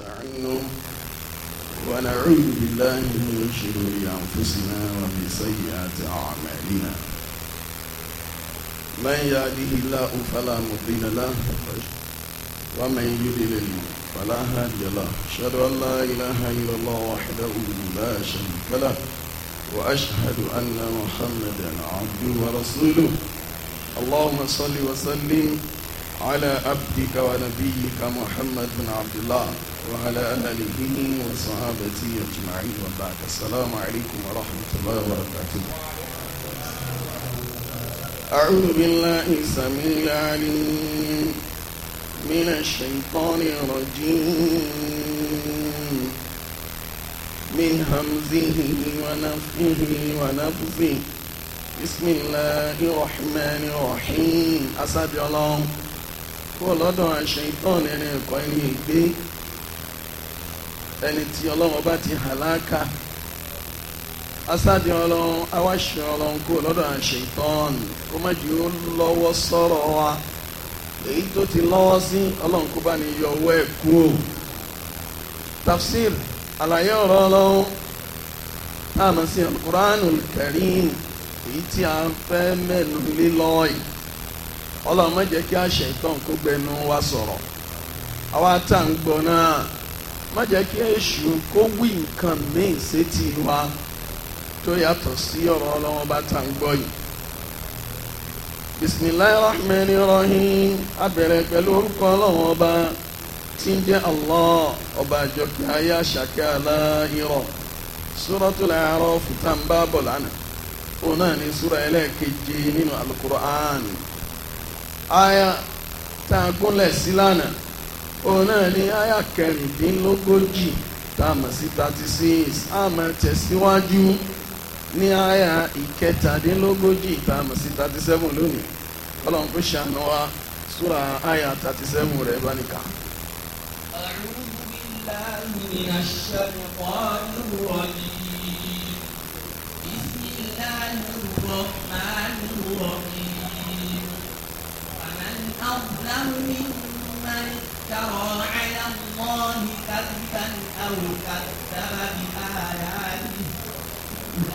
ونستعينه ونعوذ بالله من شرور أنفسنا ومن سيئات أعمالنا من يهده الله فلا مضل له ومن يضلل فلا هادي له أشهد أن لا إله إلا الله وحده لا شريك له وأشهد أن محمدا عبده ورسوله اللهم صل وسلم على عبدك ونبيك محمد بن عبد الله وعلى آله وصحابته أجمعين وبعد السلام عليكم ورحمة الله وبركاته أعوذ بالله السميع العليم من الشيطان الرجيم من همزه ونفخه ونفثه بسم الله الرحمن الرحيم أسعد الله kó lọ́dọ̀ àṣẹ ìtọ́ni ẹni ẹni tí ọlọ́run bá ti halaka asáde ọlọ́run awáṣẹ ọlọ́run kó lọ́dọ̀ àṣẹ ìtọ́n kó má jù ó lọ́wọ́ sọ̀rọ̀ wa èyí tó ti lọ́wọ́ sí ọlọ́run kó bá ní yọ ẹ̀ kú o tafsir àlàyé ọ̀rọ̀ ọlọ́run táàmù sí alukuraanu karim èyí tí a fẹ́ mẹ́nu lílọ́ọ̀yì ọlọ́run má jẹ́ kí àṣẹ ìtọ́n kó gbẹnu wa sọ̀rọ̀ àwa tá à ń gbọ́ náà má jẹ́ kí èṣù kó wí nǹkan míì sétí wa tó yàtọ̀ sí ọ̀rọ̀ ọlọ́wọ́ bá ta ń gbọ́ yìí. bisimilayi rahmani rahim abẹ̀rẹ̀ pẹ̀lú orúkọ ọlọ́wọ́ ọba tí ń jẹ́ Allah ọba àjọkẹ́ ayé àṣàkẹ́ aláìrọ̀ Suratul A'raf tá ń bá bọ̀ lánàá òun náà ní súra ẹlẹ́ẹ̀kejì nínú Al-Qur'an tá a gúnlẹ̀ sí lánàá òun náà ní àyà kẹrìndínlógójì tá sí thirty six a mọ̀ tẹ̀síwájú ní àyà ìkẹtàdínlógójì tá a sí thirty seven lónìí ọlọ́run kò ṣàánú wa súra àyà thirty seven rẹ̀ bá nìkan. أعوذ بالله افترى على الله كذبا أو كذب بآياته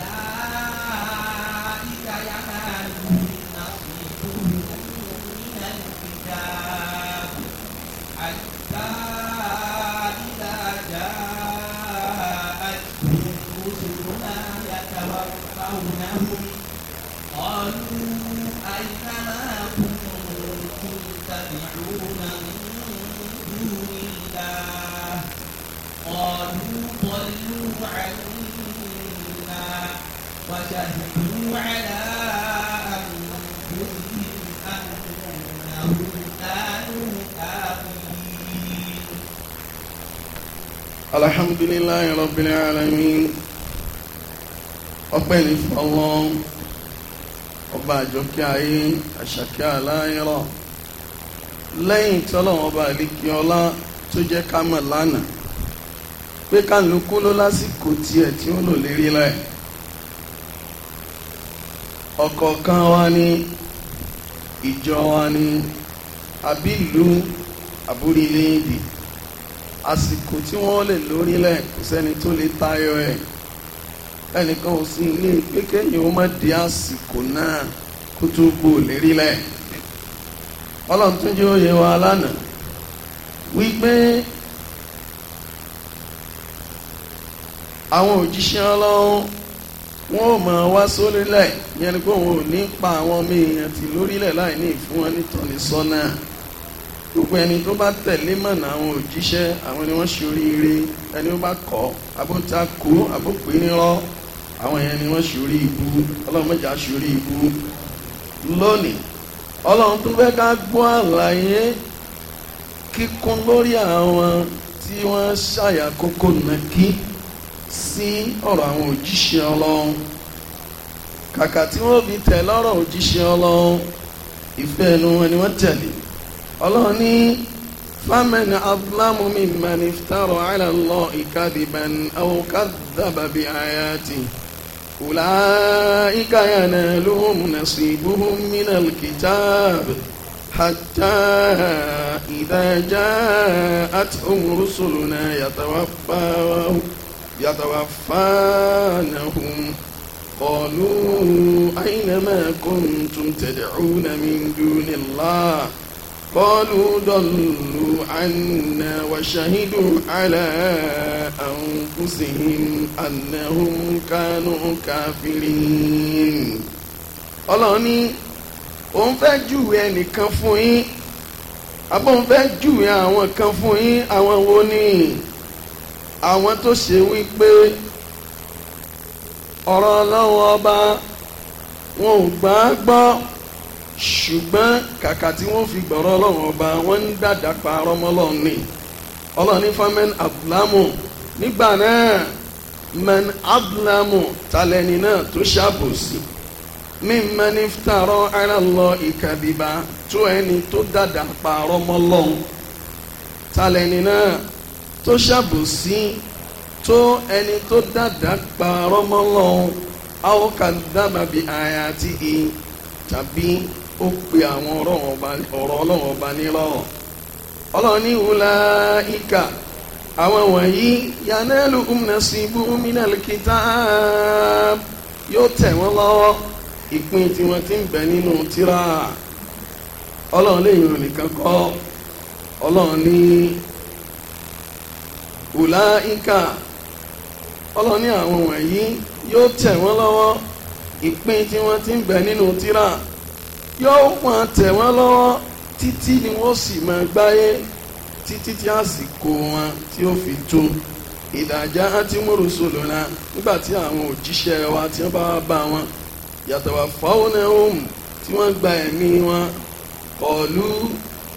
أولئك ينالهم قالوا ضلوا عنا على أنفسهم أنهم كانوا كافرين الحمد لله رب العالمين ọpẹ́ ní fún ọlọ́run ọba àjọkẹ́ ayé àṣàkẹ́ aláìrọ̀ lẹ́yìn tí ọlọ́run ọba àlékè ọlá tó jẹ́ ká mọ̀ lánàá pé kálukú ló lásìkò tiẹ̀ tí ó lò lérí lẹ̀ ọ̀kọ̀ọ̀kan wa ni ìjọ wa ni àbí ìlú àbúrílẹ̀èdè àsìkò tí wọ́n lè lórí lẹ̀ kò sẹ́ni tó lè tayọ ẹ̀ ẹnìkan ò sí ilé pé ó má di àsìkò náà kó tó gbò lérí lẹ̀ ọlọ́run tún jẹ́ òye wa lánàá wípé àwọn òjíṣẹ́ ọlọ́run wọn ò máa wá sórílẹ̀ yẹn ni pé òun ò ní pa àwọn ọmọ èèyàn tì lórílẹ̀ láì ìfún wọn nítorí sọ́nà gbogbo ẹni tó bá tẹ̀lé mọ̀nà àwọn òjíṣẹ́ àwọn ni wọ́n ṣe oríire ẹni tó bá kọ̀ abótakò abópinirọ́ àwọn yẹn ni wọ́n ṣe orí ibu ọlọ́run mẹ́jà ṣe orí ibu lónìí ọlọ́run tó fẹ́ ká gbọ́ àlàyé kíkún lórí àwọn tí wọ́n ṣàyà kókó nàkí sí ọ̀rọ̀ àwọn òjíṣẹ́ ọlọ́run kàkà tí wọ́n fi tẹ̀ lọ́rọ̀ òjíṣẹ́ ọlọ́run ìfẹ́ ẹnu wọn ni wọ́n tẹ̀lé ọlọ́run ní faman azlamu mimman iftara ala Allahi kadiban aw kadhaba bi ayatihi ulaika yanaluhum nasibuhum minal kitab. حتى إذا جاءتهم رسلنا يتوفاهم يتوفانهم قالوا أينما كنتم تدعون من دون الله قالوا ضلوا عنا وشهدوا على أنفسهم أنهم كانوا كافرين ọlọ́run ní òun fẹ́ júwe ẹnìkan fún yín àbọ̀ òun fẹ́ júwe àwọn kan fún yín àwọn wo ni àwọn tó ṣe wípé ọ̀rọ̀ ọlọ́run ọba wọn ò gbà á gbọ́ ṣùgbọ́n kàkà tí wọ́n fi gbọ̀rọ̀ ọlọ́run ọba wọ́n ń dàdà pa arọ́mọlọ́run ni ọlọ́run ní famen abdulhamu nígbà náà man abdulhamu talẹ́ni náà tó ṣàbòsí mímẹ́ni tààrọ́ aláàlọ́ ìkàbíbá tó ẹni tó dàdà pa arọ́mọlọ́run talẹ́ni náà tó ṣàbòsí tó ẹni tó dáadáa pa rọ́mọ́lọ́hún àwọn kan dábàá bi àyà àti ì tàbí ó pe àwọn ọ̀rọ̀ ọlọ́run ọba nírọ̀ ọlọ́run ní ìwúlá ìkà àwọn wọ̀nyí yanẹ́lù umnasibu minal kitab yóò tẹ̀ wọ́n lọ́wọ́ ìpín tiwọn ti ń bẹ nínú tírà ọlọ́run lè yàn nìkan kọ́ ọlọ́run ní ùláìka ọlọ́ni àwọn wọ̀nyí yóò tẹ̀ wọ́n lọ́wọ́ ìpín tí wọ́n ti ń bẹ nínú tírà yóò máa tẹ̀ wọ́n lọ́wọ́ títí ni wọ́n sì máa gbáyé títí tí àsìkò wọn tí ó fi tó ìdàjà àti mùrùsùlù náà nígbà tí àwọn òjíṣẹ́ wa tí wọ́n bá wá bá wọn yàtọ̀ wà tí wọ́n gba ẹ̀mí wọn ọ̀lú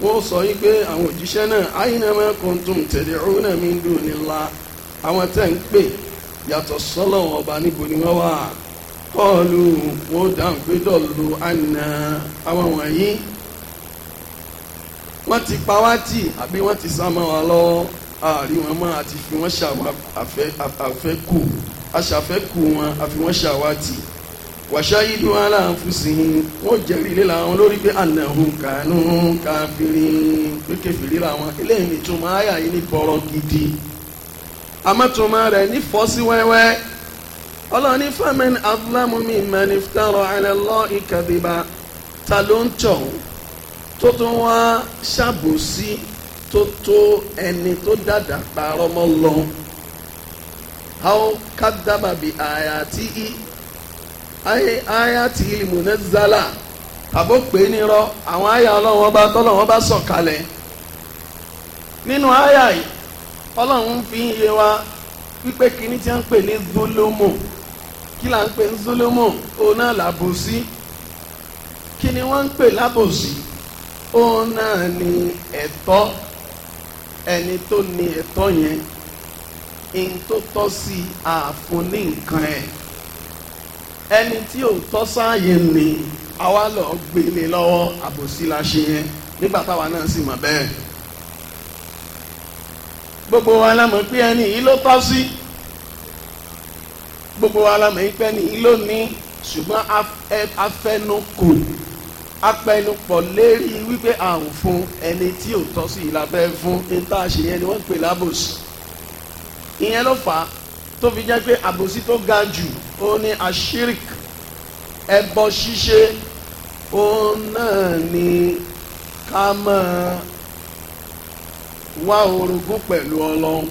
wọ́n sọ yí pé àwọn òjíṣẹ́ náà aynama kuntum tad'una min dunillah àwọn tẹ́ ń pè yàtọ̀ sọ́lọ̀ ọba níbo ni wọ́n wà kọ́ọ̀lù wọ́n dáhùn pé dọ̀lù àná àwọn wọ̀nyí wọ́n ti pa wá tì àbí wọ́n ti sá wa lọ́wọ́ àárí wọn mọ́ àti fi wọ́n ṣàwá àfẹ́kù àṣàfẹ́kù wọn àfi wọ́n ṣàwá tì wàṣáyídùn aláǹfùsìn wọn jẹ́rìí lé làwọn lórí pé ànàhùn kànú káfírí pé kẹfìrí làwọn eléyìí nìtúmọ̀ àyà yìí ní bọ̀rọ̀ gidi àmọ́túmọ̀ rẹ̀ ní fọ́sí wẹ́wẹ́ ọlọ́ọ̀ni famen adlamu mimman iftara ala Allahi kadiba ta ló ń tọ̀ tó tún wá ṣàbòsí tó tó ẹni tó dáadáa parọ́ lọ. àwọn kádàbàbí àyà tí í ayé aya ti munazala àbó pé nírọ àwọn aya ọlọ́run ọba tọ́lọ́run ọba sọ̀kalẹ̀ nínú aya yìí ọlọ́run fi ń yé wa wípé kíní tí wọ́n ń pè ní zolomo kí là ń pè ní zolomo òun náà làbòsí kí ni wọ́n ń pè lábòsí òun náà ni ẹ̀tọ́ ẹni tó ní ẹ̀tọ́ yẹn ń tó tọ́ sí àfun ẹ̀ ẹni tí ò tọ́ sáàyè ni àwa lọ gbélé lọ́wọ́ àbòsí la ṣe yẹn nígbà táwa náà sì mọ̀ bẹ́ẹ̀ gbogbo wa la mọ̀ pé ẹni yìí ló tọ́ sí gbogbo wa la mọ̀ pé ẹni yìí ló ní ṣùgbọ́n afẹnukò apẹnupọ̀ lérí wípé à fún ẹni tí ò tọ́ sí ìlàbẹ́ fún ní tá a ṣe yẹn ni wọ́n ń pè lábòsí ìyẹn ló fà á tó fi jẹ́ pé àbòsí tó ga jù ó ní ashirik ẹbọ ṣíṣe ó náà ní ká máa wá orogún pẹ̀lú ọlọ́run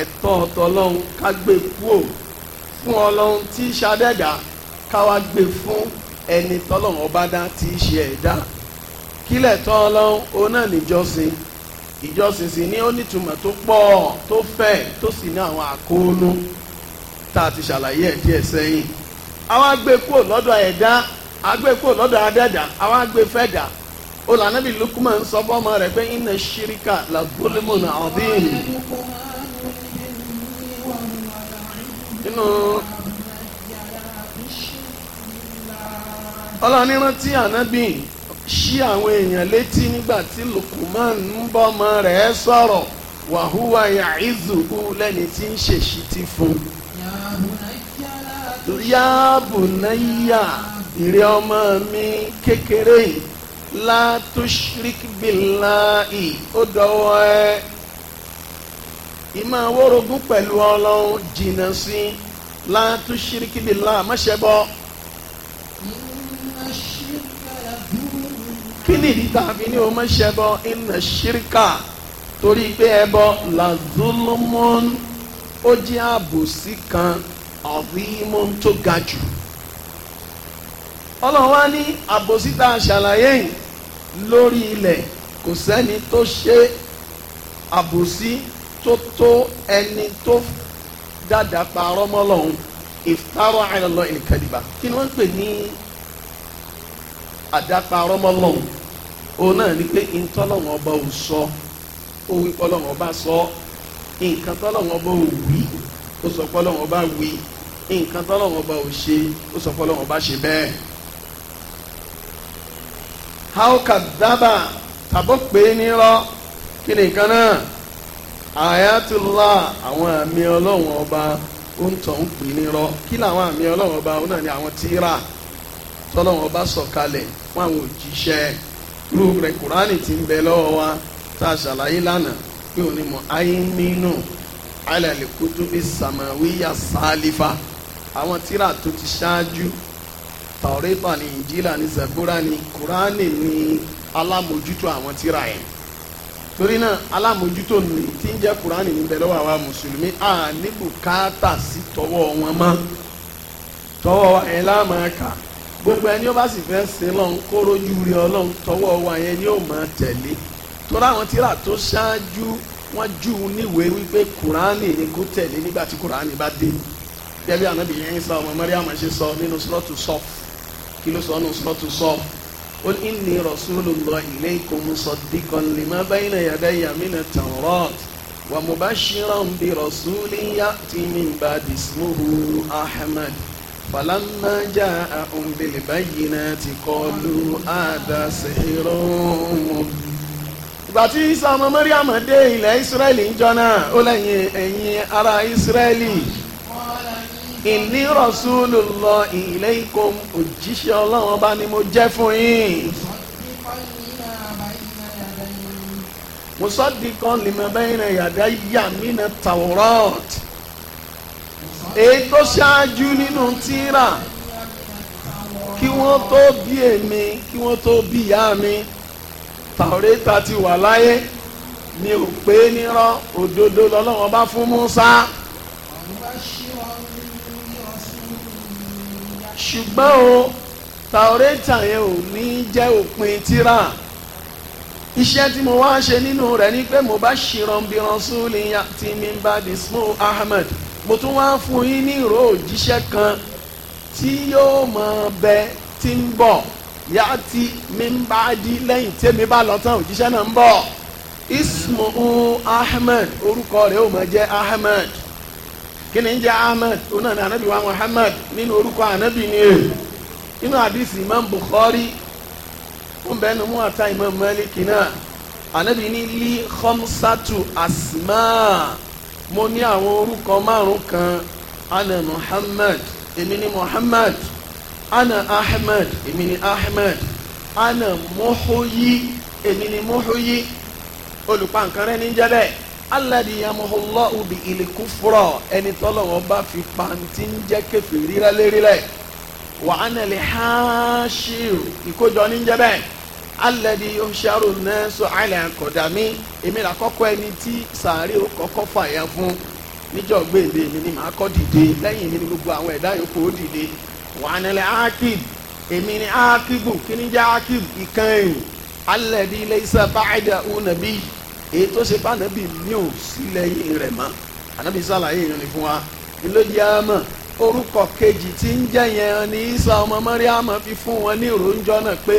ẹ̀tọ́ ọ̀tọ̀lọ́run ká gbé kúò fún ọlọ́run tí í ṣàdẹ́dà ká wá gbé fún ẹni tọ́lọ́run ọba dá tí í ṣe ẹ̀dá kílẹ̀ tọ́ ọlọ́run ó náà níjọ́sìn ìjọsìn sì ní ó nítumọ̀ tó pọ̀ tó fẹ̀ tó sì ní àwọn àkóónú tá a ti ṣàlàyé ẹ̀ díẹ̀ sẹ́yìn àwa gbé kúrò lọ́dọ̀ ẹ̀dá àgbé kúrò lọ́dọ̀ adẹ́dà àwa gbé fẹ́dà olànàbì Lukman ń sọ fọ́mọ rẹ̀ pé inna shirika la zulmun adhim nínú ọlọ́ọ̀nìrántí ànábì. ṣí àwọn èèyàn létí nígbà tí Lukuman ń bọ́mọ rẹ̀ sọ̀rọ̀ wàhúwà yàìzùhù lẹ́ni tí ń ṣèṣì ti fún un. yáàbù ọmọ mi kékeré yìí látúṣíríkì ó dọwọ́ ẹ ìmọ̀ àwòrogún pẹ̀lú ọlọ́run jìnnà sí látúṣíríkì bíláì má ṣẹbọ. kí nìdí tá a fi ní o má ṣẹbọ iná ṣíríkà torí pé ẹbọ lazulmon ó jẹ́ àbòsí kan ọ̀rìmọ̀ tó ga jù ọlọ́run wá ní àbòsí tá a ṣàlàyé yìí lórí ilẹ̀ kò sẹ́ni tó ṣe àbòsí tó tó ẹni tó dáadáa parọ́ mọ́ ìfarọ́ àìlọ́lọ́ ìkàdìbà kí ni wọ́n ń pè ní àdáparọ́ mọ́ òun náà ni pé ntọ́lọ́wọ́n ọba ò sọ ó wí pọ́lọ́wọ́n ọba sọ nǹkan tọ́lọ́wọ́n ọba ò wí ó sọ pọ́lọ́wọ́n ọba wí nǹkan tọ́lọ́wọ́n ọba ò ṣe ó sọ pọ́lọ́wọ́n ọba ṣe bẹ́ẹ̀. how can daba tàbó pé nírọ́ kí ni nǹkan náà àyàtúlá àwọn àmì ọlọ́wọ́n ọba ó ń tọ̀ ń pè nírọ́ kí làwọn àmì ọlọ́wọ́n ọba ó náà ní àwọn tíra tọ́lọ́wọ́n ọba sọ̀kalẹ̀ fún àwọn òjíṣẹ́ irú rẹ̀ kùránì ti ń bẹ lọ́wọ́ wa tá a ṣàlàyé lánàá pé òní mọ̀ ayé nínú alẹ́lẹ́ kútú ìsàmàwíyà sálífà àwọn tíra tó ti ṣáájú tàwọ́rẹ́tà ní ìjìlá ní zàbúrà ní kùránì ní alámòjútó àwọn tíra yẹn torí náà alámòjútó ní tí ń jẹ́ kùránì níbẹ̀ lọ́wọ́ àwa mùsùlùmí à ní sí tọwọ́ wọn mọ́ tọwọ́ ẹ̀ lámàá kà á gbogbo ẹni ó bá sì fẹ́ sin lọ́n kóró ju rí ọlọ́run tọwọ́ wa yẹn ni ó máa tẹ̀lé tọ́lá àwọn tíra tó ṣáájú wọ́n jù ú níwèé wípé kùránì ni kó tẹ̀lé nígbà tí kùránì bá dé gẹ́gẹ́ bí ànábì yẹn sọ ọmọ Maryam ṣe sọ nínú sọ́ọ̀tù sọ kí ló sọ nínú sọ́ọ̀tù sọ ó ní inni rasulullahi ilaykum musaddiqan lima bayna yadayya mina tawrat wa mubashiran bi rasulin ya'ti min ba'di ismuhu Ahmad falamma ja'ahum bil bayyinati qalu hadha sihrun ìgbà tí Isa ọmọ Mẹ́ríàmù dé ilẹ̀ Ísírẹ́lì ń jọ náà ó lẹ́yìn ẹ̀yin ará Ísírẹ́lì ìní rasulullahi ilaykum òjíṣẹ́ ọlọ́run ọba ni mo jẹ́ fún yín. musaddiqan lima bayna yadayya mina tawrat èyí tó ṣáájú nínú tírà kí wọ́n tó bí èmi kí wọ́n tó bí ìyá mi tàwọ́rẹ́ta ti wà láyé mi ò pé nírọ́ òdodo lọ́lọ́wọ́n bá fún Musa. ṣùgbọ́n o tàwọ́rẹ́ta yẹn ò ní jẹ́ òpin tírà iṣẹ́ tí mo wá ṣe nínú rẹ̀ ni pé mo bá ṣìrànbìrán súnlẹ̀ tí mi bá dismo Ahmed mo tún wá fún yín ní ìró òjíṣẹ́ kan tí yóò máa bẹ tí ń bọ̀ yá tí mi ń bá di lẹ́yìn tèmi bá lọ tán òjíṣẹ́ náà ń bọ̀ ismu ahmed orúkọ rẹ̀ ó máa jẹ́ ahmed kí ni ń jẹ́ ahmed òun náà ni anabi wa muhammad nínú orúkọ anabi ni e nínú àdìsí imam bukhari ó ń bẹ́ẹ̀ ni mú ata imam maliki náà anabi ní lí khamsatu asmaa mo ní àwọn orúkọ márùn kan ana muhammad èmi ni muhammad ana ahmed èmi ni ahmed ana muhuyi èmi ni muhuyi olùpàǹkanrẹ́ ní jẹ́bẹ̀ aládì yamuhulọ́ ubi ìlẹ̀kúfúrọ̀ ẹni tọ́lọ́wọ́ bá fi pàǹtí ń jẹ́ kẹfì rírẹ́lẹ́rírẹ́ wà á nàlẹ́ haṣíù ìkójọ ní jẹ́bẹ̀ alẹ́ni oṣàrò náà sọ àìlẹ̀ àkọ́dà mi èmi là kọ́kọ́ ẹni tí sàárè ó kọ́kọ́ fàyà fún níjọ́ gbèǹde mi ni màá kọ́ dìde lẹ́yìn mi ni gbogbo àwọn ẹ̀dá yòókù ó dìde wàánilẹ̀ ákìb èmi ni ákìbù kí ni jẹ́ ákìb ìkànnì alẹ́ni ilé iṣẹ́ báyìí ọ̀nàbí èyí tó ṣe bá nàbí mi ò sí lẹ́yìn rẹ̀ mọ́ ànábì sàlàyé ìrìn fún wa ilé yá mọ́ orúkọ kejì tí ń jẹ́ yẹn ni isa ọmọ mọ́ríàmù fi fún wọn ní ìròjọ́ náà pé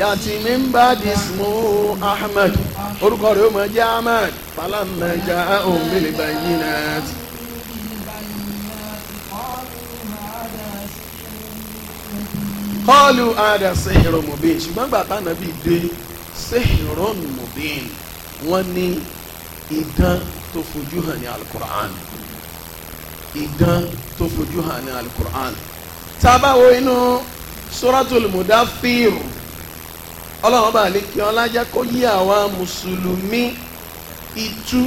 yàtì mi ń bá dismu ahmed orúkọ rẹ̀ ó mọ̀ jẹ́ ahmed falamẹ́jà òun lè bàyìn náà. kọ́ọ̀lù àdà sèhìrọ̀ mọ̀bìn ṣùgbọ́n gbàtà náà bí dé sèhìrọ̀ mọ̀bìn wọ́n ní idán tó fojú hàn ní alukur'an ìdán tó fojú hàn ní alukur'an tábàwò inú suratul mudaththir ọlọ́run bá lè kí ọlájà kó yí àwa mùsùlùmí itú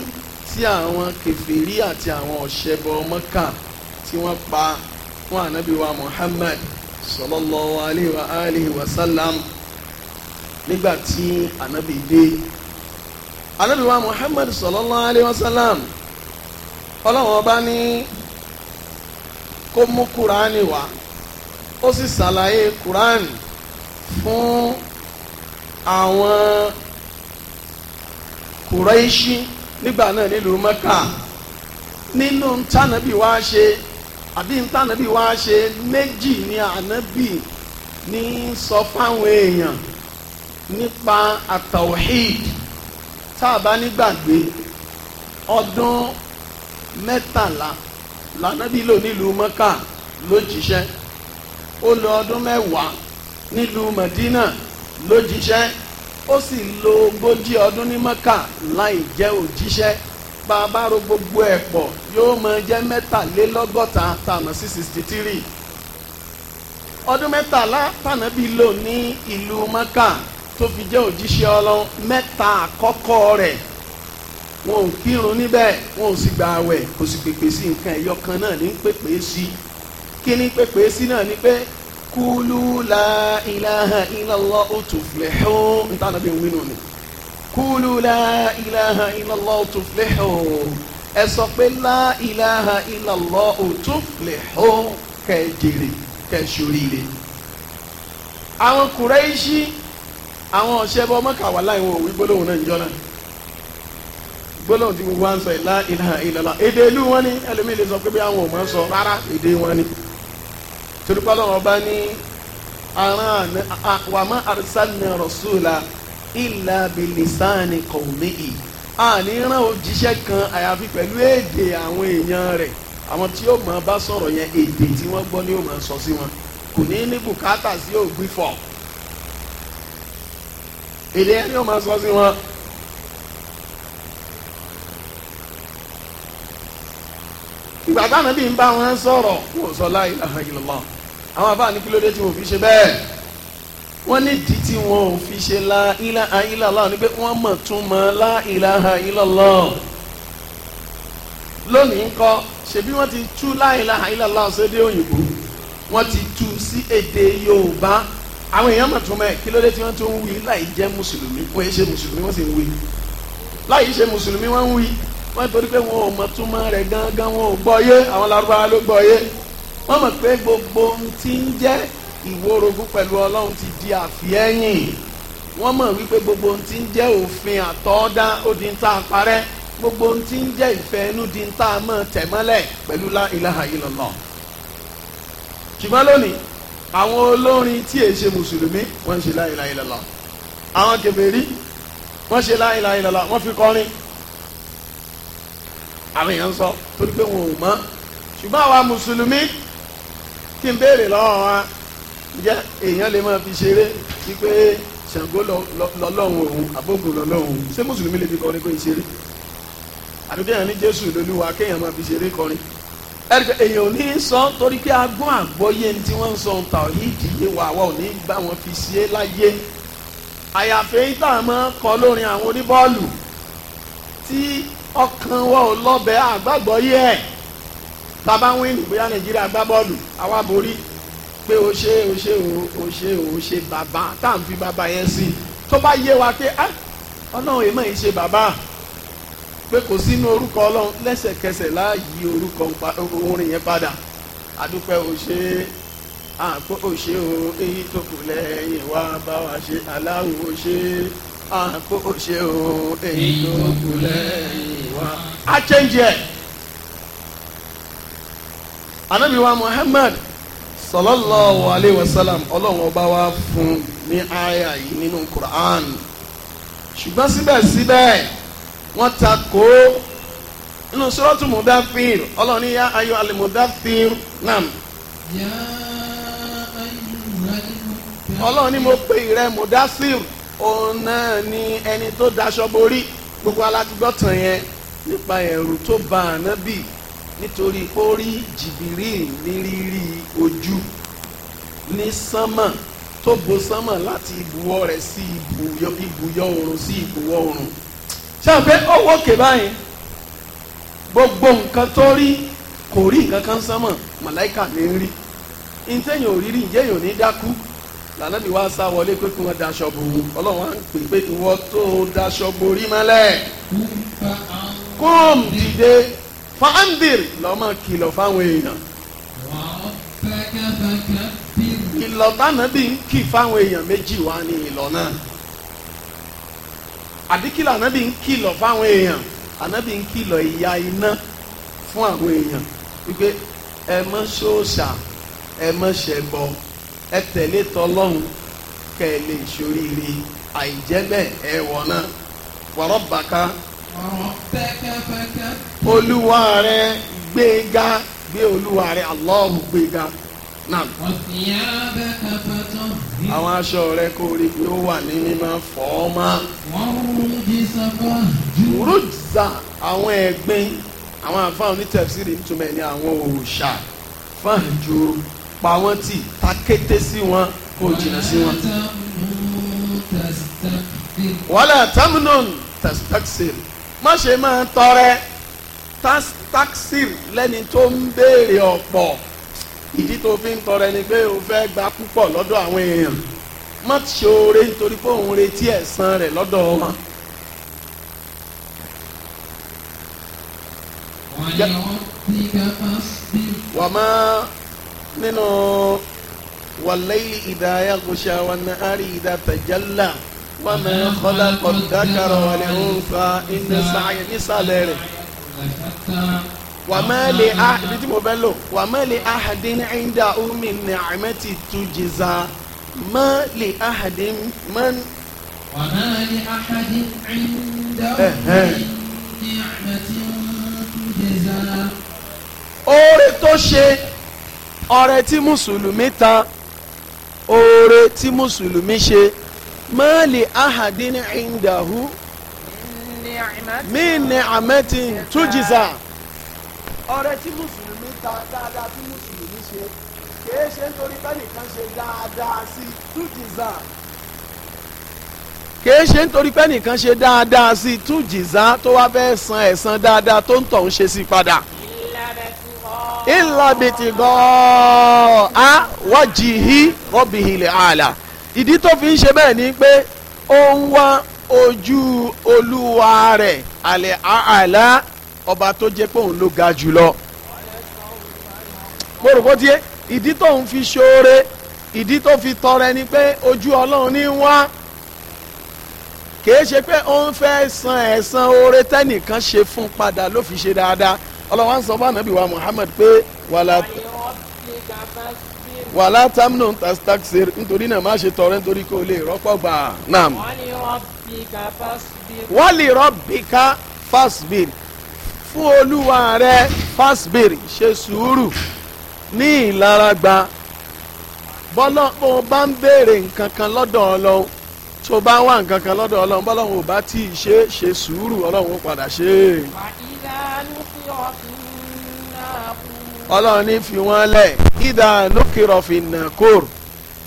tí àwọn kèfèrí àti àwọn ọ̀ṣẹ́bọ Mẹ́kà tí wọ́n pa fún ànábì wa Muhammad sallallahu alayhi wa alihi wa sallam nígbà tí ànábì dé ànábì wa Muhammad sallallahu alayhi wa sallam ọlọ́run ọba ní kó mú kúránì wá ó sì ṣàlàyé kúránì fún àwọn kùrẹ́ṣí nígbà náà nílùú mẹ́kà nínú ntànàbí wá ṣe àbí ntànàbí wá ṣe méjì ni ànábì ní sọ fáwọn èèyàn nípa àtàwọ̀hìd tá a bá nígbàgbé ọdún mẹ́tàlá lànàbí lò nílùú mọ́kà ló jíṣẹ́ ó lò ọdún mẹ́wàá nílùú mẹ̀dínà ló jíṣẹ́ ó sì lò ogójì ọdún ní mọ́kà láì jẹ́ òjíṣẹ́ bá a bá ro gbogbo ẹ̀ pọ̀ yóò máa jẹ́ mẹ́tàlélọ́gọ́ta tá a mọ̀ sí sixty three ọdún mẹ́tàlá tànàbí lò ní ìlú mọ́kà tó fi jẹ́ òjíṣẹ́ ọlọ́run mẹ́ta àkọ́kọ́ rẹ̀ wọn ò kírun níbẹ̀ wọn ò sì gba àwẹ̀ kò sì pèpè sí nǹkan ẹ̀yọ kan náà ní pèpè sí kí ní pèpè sí náà ni pé kúlú la ilaha illallah tuflihun ntànà bí wínú ni kúlú la ilaha illallah tuflihun ẹ sọ pé la ilaha illallah tuflihun kẹjèrè kẹsòrìrè àwọn Kùráíṣì àwọn ọ̀ṣẹ́bọ mọ́kàwá láì wí gbólóhùn náà ń jọ náà gbólóhùn tí gbogbo wa ń sọ ìlà ilaha illallah èdè ìlú wọn ni ẹlòmíì lè sọ pé bí àwọn ò máa sọ rárá èdè wọn ni torí pé ọlọ́run ọba ní aran wa ma arsalna rasula illa bilisani qawmihi àní rán òjíṣẹ́ kan àyàfi pẹ̀lú èdè àwọn èèyàn rẹ̀ àwọn tí yóò máa bá sọ̀rọ̀ yẹn èdè tí wọ́n gbọ́ ni yóò máa sọ sí wọn kò ní ní bùkátà sí ògbìfọ̀ èdè yẹn ni yóò máa sọ sí wọn. ìgbà táwọn bí ń bá wọn sọ̀rọ̀ kò sọ la ilaha illallah àwọn àbá ní kílódé tí wọn ò fi ṣe bẹ́ẹ̀ wọ́n ní ìdí tí wọn ò fi ṣe la ilaha illallah ni pé wọ́n mọ̀ tún mọ̀ la ilaha illallah lónìí ńkọ́ ṣebí wọ́n ti tú la ilaha illallah sédé òyìnbó wọ́n ti tú sí èdè Yorùbá àwọn èèyàn mọ̀ tún mọ̀ ẹ̀ kílódé tí wọ́n tún wí láì jẹ́ mùsùlùmí wọ́n yẹ ṣe mùsùlùmí wọ́n sì ń wí láì ṣe mùsùlùmí wọ́n ń wí wọ́n torí pé wọn ò mọ túmọ̀ rẹ̀ gangan wọn ò gbọ́ yé àwọn Lárúbáwá ló gbọ́ yé wọ́n mọ̀ pé gbogbo ohun tí ń jẹ́ ìwórogún pẹ̀lú Ọlọ́run ti di àfihẹ́yìn wọ́n mọ̀ wípé gbogbo ohun tí ń jẹ́ òfin àtọ́dá ó di ń tá a parẹ́ gbogbo ohun tí ń jẹ́ ìfẹ́ inú di ń tá a mọ̀ tẹ̀mọ́lẹ̀ pẹ̀lú lá ilaha illallah ṣùgbọ́n lónìí àwọn olórin tí èyí ṣe mùsùlùmí wọ́n ń ṣe lá àwọn kèfèrí wọ́n ṣe lá wọ́n fi kọrin àwọn èèyàn sọ torí pé wọn ò mọ̀ ṣùgbọ́n àwa mùsùlùmí kí n béèrè lọ́wọ́ wa ǹjẹ́ èèyàn lè máa fi ṣeré sí pé Ṣàngó lọ́lọ́run òun àbókù lọ́lọ́run òun ṣé mùsùlùmí lè fi kọrin pé ìṣeré àdúgbò yẹn ní Jésù lolúwa kéèyàn máa fi ṣeré kọrin ẹ̀rìkẹ́ èèyàn ò ní í sọ torí pé agbọ́n àgbọ́yé tí wọ́n ń sọ ń ta òyìn ìdílé wa wa ò ní gbà wọ́n fi ṣe é láyé àyàfẹ́ ìtàn máa kọ lórin àwọn oníbọ́ọ̀lù tí ọkàn wa ò lọ́bẹ̀ àgbàgbọ́ yẹ ẹ̀ tábà ń wíìnì bóyá nàìjíríà gbá bọ́ọ̀lù àwa borí pé o ṣe o ṣe o o ṣe o ṣe bàbá tá à ń fi bàbá yẹn sí i tó bá yé wa pé ah, ọlọ́run èèmọ̀ yìí ṣe bàbá pé kò sínú orúkọ ọlọ́run lẹ́sẹ̀kẹsẹ̀ láàyè orúkọ orin yẹn padà àdúpẹ́ o ṣe àpò o ṣe o èyí tó kù lẹ́yìn wá bá wa ṣe aláwo o ṣe àkóṣe o èyí tó kù lẹ́yìn wá. a change ẹ̀ anabi wa Muhammad sallallahu alayhi wa sallam ọlọ́run ọba wa fún ní àyà yìí nínú Quran ṣùgbọ́n síbẹ̀síbẹ̀ wọ́n ta kó nínú sọ́ọ́tù mudafir ọlọ́run ní ya ayọ̀ alimudafir nam. ọlọ́run ní mo pe ìrẹ́ mudafir òun náà ni ẹni tó daṣọ borí gbogbo alágbọ́tàn yẹn nípa ẹ̀rù tó ba ànábì nítorí pé ó rí jìbìrì ní rírí ojú ní sánmà tó bo sánmà láti ibùwọ̀ rẹ̀ sí ibùyọ oòrùn sí ibùwọ̀ oòrùn ṣé o pé ó gbogbo nǹkan tó rí kò rí nǹkan kan sánmà màláìkà ní rí ní téèyàn ò ò ní dákú lànàbí wa sá wọlé pé kí wọ́n daṣọ bò ó ọlọ́run wa ń pè pé kí wọ́n tó daṣọ borí mọ́lẹ̀ kóòm dìde fàǹdìr lọ́mọ kìlọ̀ fáwọn èèyàn ìlọ̀ tánàbí ń kì fáwọn èèyàn méjì wá ní ìlọ̀ náà àdíkìlọ̀ ànábì ń kìlọ̀ fáwọn èèyàn ànábì ń kìlọ̀ ìyà iná fún àwọn èèyàn wípé ẹ mọ́ ṣóòṣà ẹ mọ́ ṣẹbọ. ẹ tẹ̀lé tọlọ́hún kẹ́ ẹ lè náà wọ̀rọ̀ olúwa rẹ gbé olúwa rẹ Allahu náà. àwọn aṣọ rẹ kò rí pé ó wà ní mímọ́ fọ́ wọ́n rú jísà bá. àwọn pa wọ́n tì ta kété sí wọn kó jìnnà sí wọn. wala tamnun tastaksir má ṣe máa tọrẹ tastaksir lẹ́ni tó ń béèrè ọ̀pọ̀ ìdí tó fi ń tọrẹ ni pé o fẹ́ gba púpọ̀ lọ́dọ̀ àwọn èèyàn má ṣe oore nítorí pé òun retí ẹ̀san rẹ̀ lọ́dọ̀ wọn. wàmọ́ nínú wàlẹ́yìn ìdáyà gòṣà wà ní àárí ìdá tẹ̀jálà wà mí kọ́lá kọ̀dákàrọ̀ wà ní nfa ìdí sàáyé nísàlẹ̀ rẹ̀ wà má lè a ibi tí mo bẹ́ lò wà má lè a hadin ẹ̀ńdà omi ní àmẹ́tì tu jìzà má lè a hadin má. ẹ̀ńdà omi ní àmẹ́tì tu jìzà. oore tó ṣe ọrẹ tí mùsùlùmí tan oore tí mùsùlùmí ṣe máàlì ahadin indahu min ni'matin tujiza. ọrẹ tí mùsùlùmí ta dáadáa tí mùsùlùmí ṣe kìí ṣe nítorí pẹ́nìkan ṣe dáadáa sí tujiza. kìí ṣe nítorí pẹ́nìkan ṣe dáadáa sí tujiza tó wá fẹ́ san ẹ̀san dáadáa tó ń tọ̀ ń ṣe sí padà. ìlànà ìlàbìtì gan-an á wájì hí rọ́bìhìlẹ̀ àlà ìdí tó fi ń ṣe bẹ́ẹ̀ ni pé ó ń wá ojú olúwa rẹ̀ àlẹ́ àlá ọba tó jẹ́ pé òun ló ga jù lọ. mo rò bó tiẹ̀ ìdí tó ń fi ṣoore ìdí tó fi tọrẹ ni pé ojú ọlọ́run ní wá kìí ṣe pé ó fẹ́ san ẹ̀san oore tẹ́nìkan ṣe fún padà ló fi ṣe dáadáa ọlọ́wọ́n sọ fún anabi wa muhammad pé wàlá wàlá tamnu tastaxir nítorí náà má ṣe tọrẹ nítorí kó lè rọ́pò gbà nam. wali rabbika fasbir fún olúwa rẹ fasbir ṣe sùúrù ní ìlaragba bọ́lá o bá ń béèrè nǹkan kan lọ́dọ̀ ọlọ́run tó bá wà nǹkan kan lọ́dọ̀ ọlọ́run bọ́lá o bá tí ì ṣe ṣe sùúrù ọlọ́run padà ṣe é ọlọ́run ní fi wọ́n lẹ̀ ìdá nukirọ̀ fi nà kóró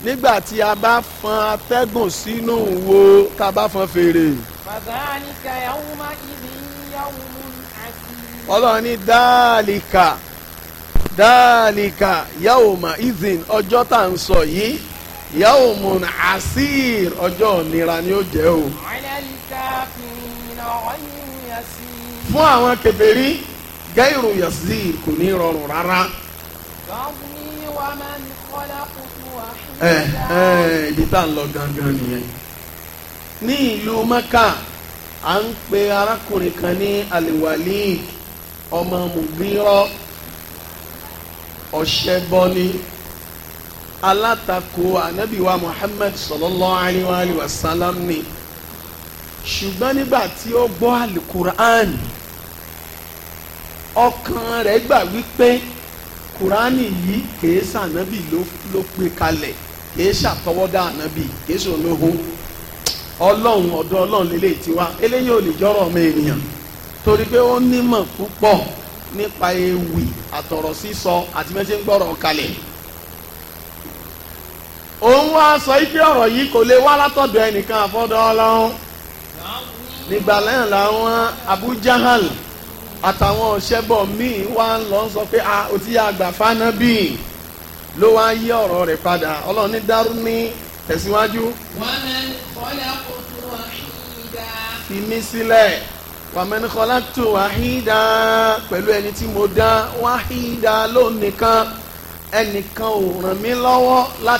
nígbà tí a bá fọn atẹ́gùn sínú wo tá a bá fọn fèrè. fàdáníkà yàwó má ibi yàwó mú àti. ọlọ́run ní dáàlìkà dáàlìkà yàwó má ìzìn ọjọ́ tá à ń sọ yìí yàwó mú àṣìr ọjọ́ ìnira ni ó jẹ́ o. fún àwọn kèfèrí gẹ́rù yẹ̀sí kò ní rọrùn rárá. ẹ ẹ ibi tá a lọ gangan nìyẹn ní ìlú mẹ́kà à ń pe arákùnrin kan ní aliwali ọmọ mùgbírọ́ ọ̀ṣẹ́bọ́ni alátakò ànábìwá Muhammad sallallahu alayhi wa sallam ṣùgbọ́n nígbà tí ó gbọ́ alukur'an ọkàn rẹ̀ gbà wípé kùránì yìí kìí sànábì ló gbé kalẹ̀ kìí ṣàtọwọ́dá ànábì kìí ṣòlóhùn ọlọ́run ọ̀dọ̀ ọlọ́run lélẹ̀ tí wá eléyìí ò lè jọ́rọ̀ ọmọ ènìyàn torí pé ó nímọ̀ púpọ̀ nípa ewì àtọ̀rọ̀ sísọ àti mẹ́sẹ̀ ń gbọ́rọ̀ kalẹ̀ òun wá sọ ife ọ̀rọ̀ yìí kò lè wá látọ̀dọ̀ ẹnìkan àfọ́dọ̀ ọlọ́run nígbà lẹ́yìn làwọn Abu Jahal àtàwọn ọ̀ṣẹ́bọ̀ míì wá ń lọ sọ pé a ò ti yá àgbà fánábì ló wá yí ọ̀rọ̀ rẹ̀ padà ọlọ́run ní dárú ní tẹ̀síwájú. fi mí sílẹ̀ wàmẹ́nìkọ́lá tó wàhídà pẹ̀lú ẹni tí mo dá wàhídà lónìkan ẹnìkan ò ràn mí lọ́wọ́ láti.